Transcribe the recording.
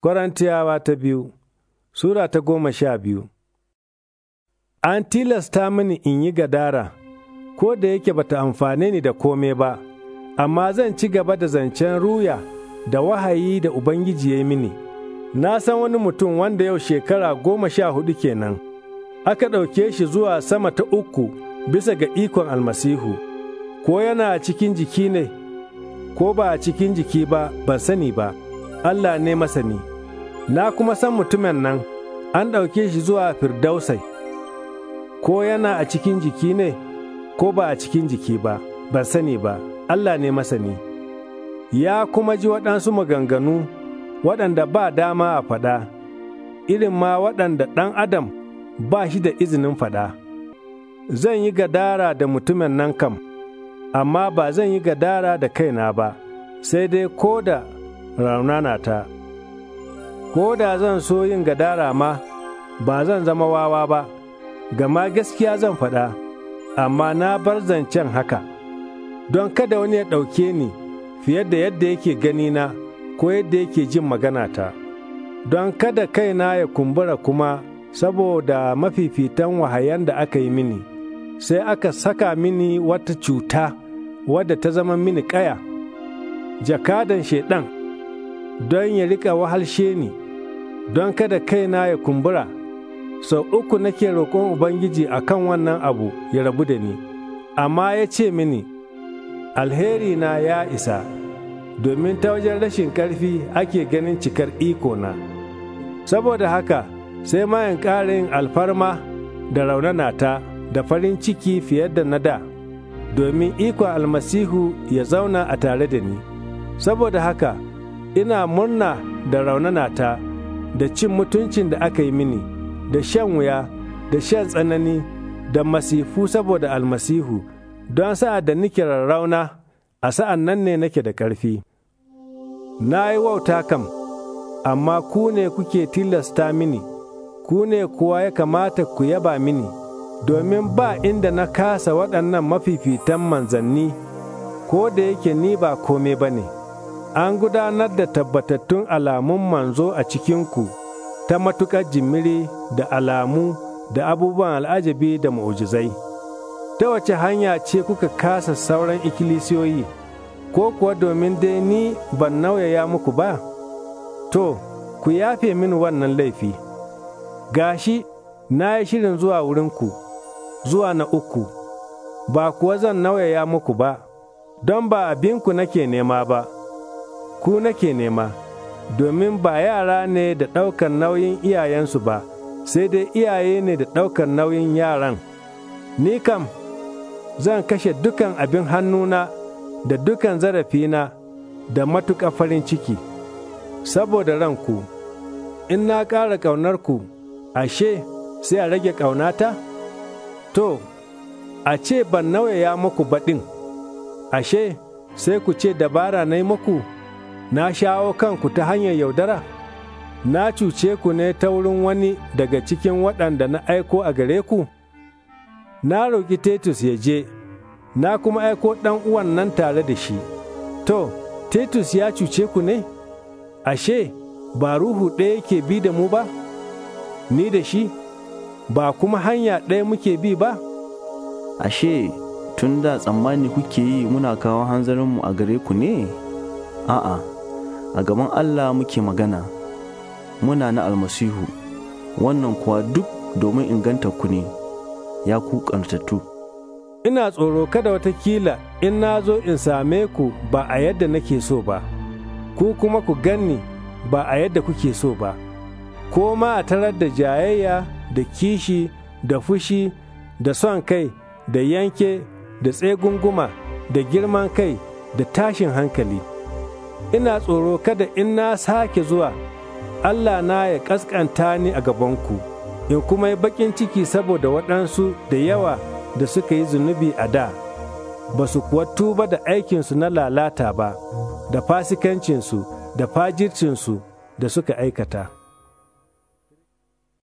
Korintiyawa ta biyu Sura ta goma sha biyu An tilasta mini in yi gadara, ko da yake bata amfane ni da kome ba, amma zan ci gaba da zancen ruya da wahayi da Ubangiji ya yi mini. Na san wani mutum wanda yau shekara goma sha hudu kenan, aka ɗauke shi zuwa sama ta uku bisa ga ikon almasihu, ko yana cikin jiki ne, ko ba a cikin jiki ba, ban sani ba. Allah ne masani, na kuma san mutumin nan, an ɗauke shi zuwa firdausai, ko yana a cikin jiki ne, ko ba a cikin jiki ba, ban sani ba, Allah ne masani. Ya kuma ji waɗansu maganganu waɗanda ba dama a faɗa, irin ma waɗanda ɗan adam ba shi da izinin faɗa. Zan yi gadara da mutumin nan kam, amma ba zan yi gadara da kaina ba, sai dai ko da raunana ta, ko da zan so yin gadara ma ba zan zama wawa ba, gama gaskiya zan faɗa, amma na bar zancen haka, don kada wani ya ɗauke ni fiye da yadda yake ganina ko yadda yake jin magana ta. don kada kai na ya kumbura kuma saboda mafifitan wahayan da aka yi mini, sai aka saka mini wata cuta wadda ta zama mini ƙaya, jakadan shaiɗan. don ya rika wahalshe ni, don kada kaina ya kumbura, sau so, uku nake roƙon Ubangiji a kan wannan abu ya rabu da ni, amma ya ce mini, alheri na ya isa, domin ta wajen rashin ƙarfi ake ganin cikar iko na. Saboda haka, sai mayan ƙarin alfarma da raunanata da farin ciki fiye da na da, domin ikon almasihu ya zauna a tare da ni. Saboda haka, ina murna da raunana ta, da cin mutuncin da aka yi mini, da shan wuya, da shan tsanani, da masifu saboda almasihu, don sa'a da nike rarrauna, a sa'an nan ne nake da ƙarfi. Na yi wauta kam, amma ku ne kuke tilasta mini, ku ne kuwa ya kamata ku yaba mini, domin ba inda na kasa waɗannan mafifitan manzanni, ko da yake ni ba kome ba ne. an gudanar da tabbatattun alamun manzo a cikinku ta matuƙar jimiri da alamu da abubuwan al'ajabi da mu'ujizai. Ta wace hanya ce kuka kasa sauran ikkilisiyoyi, ko kuwa domin dai ni ban nauyaya muku ba? To, ku yafe min wannan laifi. Gashi, na yi shirin zuwa wurinku, zuwa na uku, ba kuwa zan nauyaya muku ba, don ba abinku nake nema ba. ku nake nema, domin ba yara ne da ɗaukar nauyin iyayensu ba, sai dai iyaye ne da ɗaukar nauyin yaran. Ni kam, zan kashe dukan abin hannuna da dukan zarafina da matuƙa farin ciki, saboda ranku, in na ƙara ƙaunarku, ashe sai a rage ƙaunata? To, a ce ban ya muku baɗin, ashe sai ku ce dabara na yi muku. na shawo kanku ta hanyar yaudara? Na cuce ku ne ta wurin wani daga cikin waɗanda na aiko a gare ku? Na roƙi Titus ya je, na kuma aiko ɗan uwan nan tare da shi. To, Titus ya cuce ku ne? Ashe, ba ruhu ɗaya yake bi da mu ba? Ni da shi, ba kuma hanya ɗaya muke bi ba? Ashe, tun da tsammani kuke yi muna kawo hanzarinmu a gare ku ne? A'a. a gaban Allah muke magana muna na almasihu wannan kuwa duk domin inganta ku ne ya ku ƙantattu. Ina tsoro kada watakila in na zo in same ku ba a yadda nake so ba, ku kuma ku ganni ba a yadda kuke so ba, ko ma a tarar da jayayya da kishi da fushi da son kai da yanke da tsegunguma da girman kai da tashin hankali. ina tsoro kada in na sake zuwa Allah na ya ƙasƙanta ni a gabanku, in kuma yi baƙin ciki saboda waɗansu da yawa da suka yi zunubi a da, ba su kuwa tuba da aikinsu na lalata ba, da fasikancinsu, da fajircinsu da suka aikata.